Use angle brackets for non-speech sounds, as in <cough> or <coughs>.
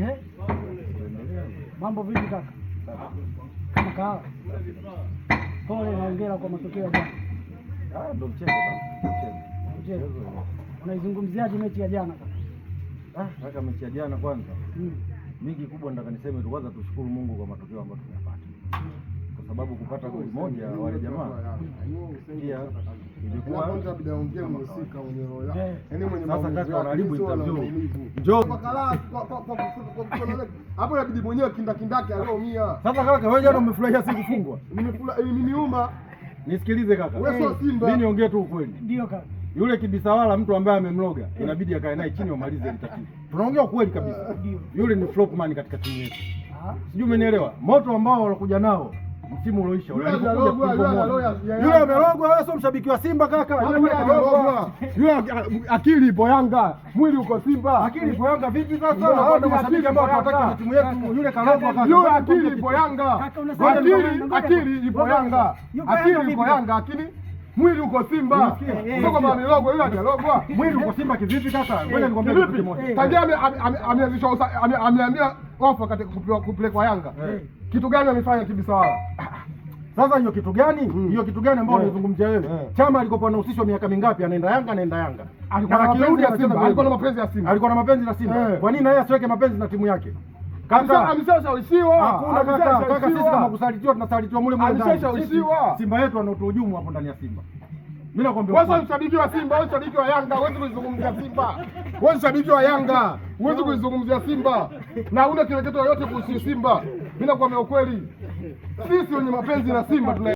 Eh, mambo vipi kaka? Kama kawa, pole na hongera kwa matokeo ya jana. Ah, ndio mchezo mchezo. Unaizungumziaje mechi ya jana kaka? Ah, kaka mechi ya jana kwanza, hmm. mimi kikubwa nataka niseme tu, kwanza tushukuru Mungu kwa matokeo ambayo tumepata sababu kupata goli moja wale jamaa pia ilikuwa yaani sasa. Kaka unaharibu interview, njoo hapo, inabidi mwenyewe kindakindake aliumia. Sasa kaka, wewe jana umefurahia si kufungwa? Nimeuma. Eh, Nisikilize kaka, wewe sio Simba. Mimi niongee tu ukweli, ndio kaka yule kibisawala mtu ambaye amemloga inabidi akae naye chini wamalize ile tatizo. Tunaongea ukweli kabisa, yule ni flopman katika timu yetu, ah. sijui umenielewa. Moto ambao walokuja nao msimu ulioisha yule amerogwa. sio mshabiki wa Simba kaka, yule amerogwa. Yule akili ipo Yanga, mwili uko Simba. Akili ipo Yanga vipi sasa? Hao ndio mashabiki ambao tunataka timu yetu. Yule karogwa kaka, yule akili ipo Yanga, akili akili ipo Yanga, akili ipo Yanga, akili mwili uko Simba, sio kama amerogwa. Yule amerogwa, mwili uko Simba kivipi sasa? Wewe eh, nikwambia kitu kimoja, eh. tangia ameanzisha ameambia ofa katika kupelekwa Yanga eh kitu gani amefanya kibisawala? <coughs> Sasa hiyo kitu gani hmm. hiyo? Hmm. kitu gani ambayo hmm. unazungumzia wewe yeah. Hmm. Chama alikopo anahusishwa miaka mingapi? Anaenda Yanga, anaenda Yanga, alikuwa na mapenzi na Simba, alikuwa na mapenzi na Simba, alikuwa na mapenzi na Simba Kwa nini na yeye asiweke mapenzi na timu yake? Kaka ameshashawishiwa. Hakuna kaka, kaka, sisi kama kusalitiwa tunasalitiwa mule mule. Ameshashawishiwa. Simba yetu anatuhujumu hapo ndani ya Simba. Mimi nakwambia wewe, shabiki wa Simba, wewe shabiki wa Yanga, huwezi kuzungumzia Simba. Wewe shabiki wa Yanga, huwezi kuzungumzia Simba na una kile kitu yoyote kuhusu Simba bila kuambia ukweli, sisi wenye mapenzi na Simba tuna